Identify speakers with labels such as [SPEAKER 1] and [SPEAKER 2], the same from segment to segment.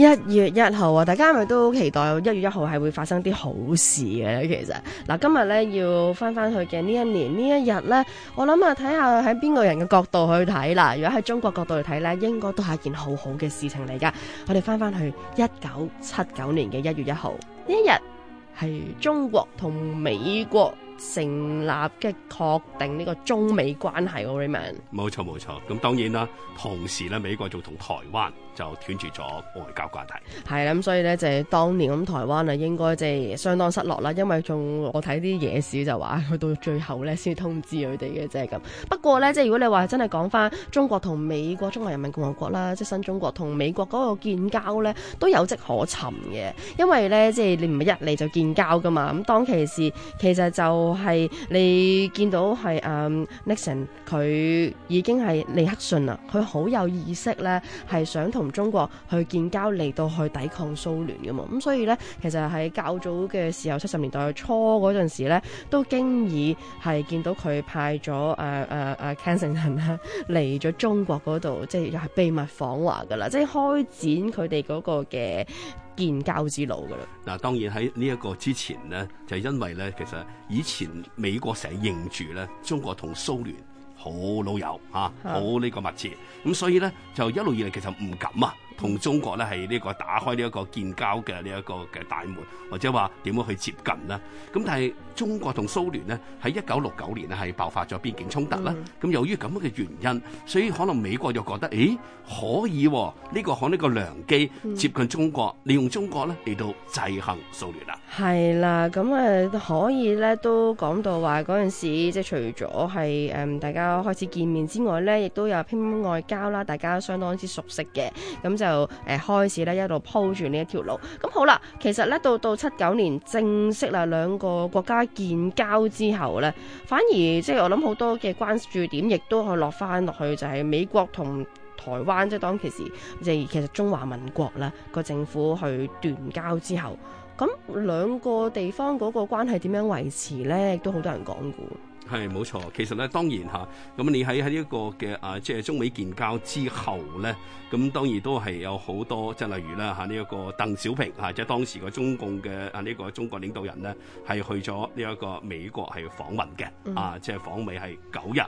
[SPEAKER 1] 一月一號啊，大家係咪都好期待一月一號係會發生啲好事嘅？其實嗱，今日咧要翻翻去嘅呢一年呢一日咧，我諗啊睇下喺邊個人嘅角度去睇啦。如果喺中國角度去睇咧，應該都係一件好好嘅事情嚟噶。我哋翻翻去一九七九年嘅一月一號呢一日，係中國同美國。成立嘅確定呢個中美關係，Raymond
[SPEAKER 2] 冇錯冇錯，咁當然啦。同時咧，美國仲同台灣就斷絕咗外交關係。
[SPEAKER 1] 係啦，咁所以咧，就係當年咁，台灣啊，應該即係相當失落啦，因為仲我睇啲野史就話，去到最後咧先通知佢哋嘅，啫係咁。不過咧，即係如果你話真係講返中國同美國，中華人民共和國啦，即係新中國同美國嗰個建交咧，都有跡可尋嘅，因為咧，即係你唔係一嚟就建交㗎嘛。咁當其時其實就。我係你見到係啊、um，Nixon 佢已經係尼克遜啦，佢好有意識咧，係想同中國去建交，嚟到去抵抗蘇聯噶嘛。咁、嗯、所以咧，其實喺較早嘅時候，七十年代初嗰陣時咧，都經已係見到佢派咗誒誒誒 Kissinger 嚟咗中國嗰度，即係又係秘密訪華噶啦，即、就、係、是、開展佢哋嗰個嘅。建交之路噶啦，
[SPEAKER 2] 嗱，當然喺呢一個之前咧，就是、因為咧，其實以前美國成日認住咧，中國同蘇聯好老友啊，啊好呢個密切，咁所以咧就一路以嚟其實唔敢啊。同中國咧係呢個打開呢一個建交嘅呢一個嘅大門，或者話點樣去接近呢？咁但係中國同蘇聯呢，喺一九六九年呢係爆發咗邊境衝突啦。咁、嗯、由於咁樣嘅原因，所以可能美國又覺得，誒可以喎、哦，呢、呢個可呢個良機接近中國，嗯、利用中國咧嚟到制衡蘇聯啦。
[SPEAKER 1] 係啦，咁誒可以咧都講到話嗰陣時，即係除咗係誒大家開始見面之外咧，亦都有乒乓外交啦，大家都相當之熟悉嘅，咁就。就誒開始咧，一路鋪住呢一條路咁好啦。其實咧，到到七九年正式啦，兩個國家建交之後咧，反而即係我諗好多嘅關注點，亦都係落翻落去就係美國同台灣，即係當其時即係其實中華民國啦個政府去斷交之後，咁兩個地方嗰個關係點樣維持咧，亦都好多人講過。
[SPEAKER 2] 係冇錯，其實咧當然吓，咁你喺喺呢一個嘅啊，即係、啊就是、中美建交之後咧，咁當然都係有好多，即係例如啦吓呢一、啊這個鄧小平吓，即、啊、係、就是、當時個中共嘅啊呢、這個中國領導人咧，係去咗呢一個美國係訪問嘅，啊即係訪美係九日，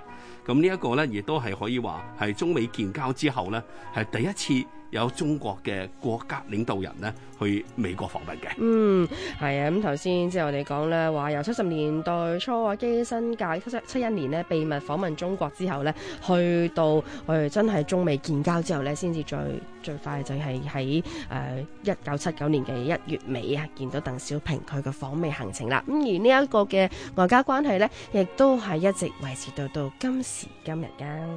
[SPEAKER 2] 咁呢一個咧亦都係可以話係中美建交之後咧係第一次。有中國嘅國家領導人咧去美國訪問嘅。嗯，
[SPEAKER 1] 係啊，咁頭先之後我哋講咧，話由七十年代初啊基辛格七七七一年咧秘密訪問中國之後呢，去到我哋真係中美建交之後呢，先至最最快就係喺誒一九七九年嘅一月尾啊，見到鄧小平佢嘅訪美行程啦。咁而呢一個嘅外交關係呢，亦都係一直維持到到今時今日㗎。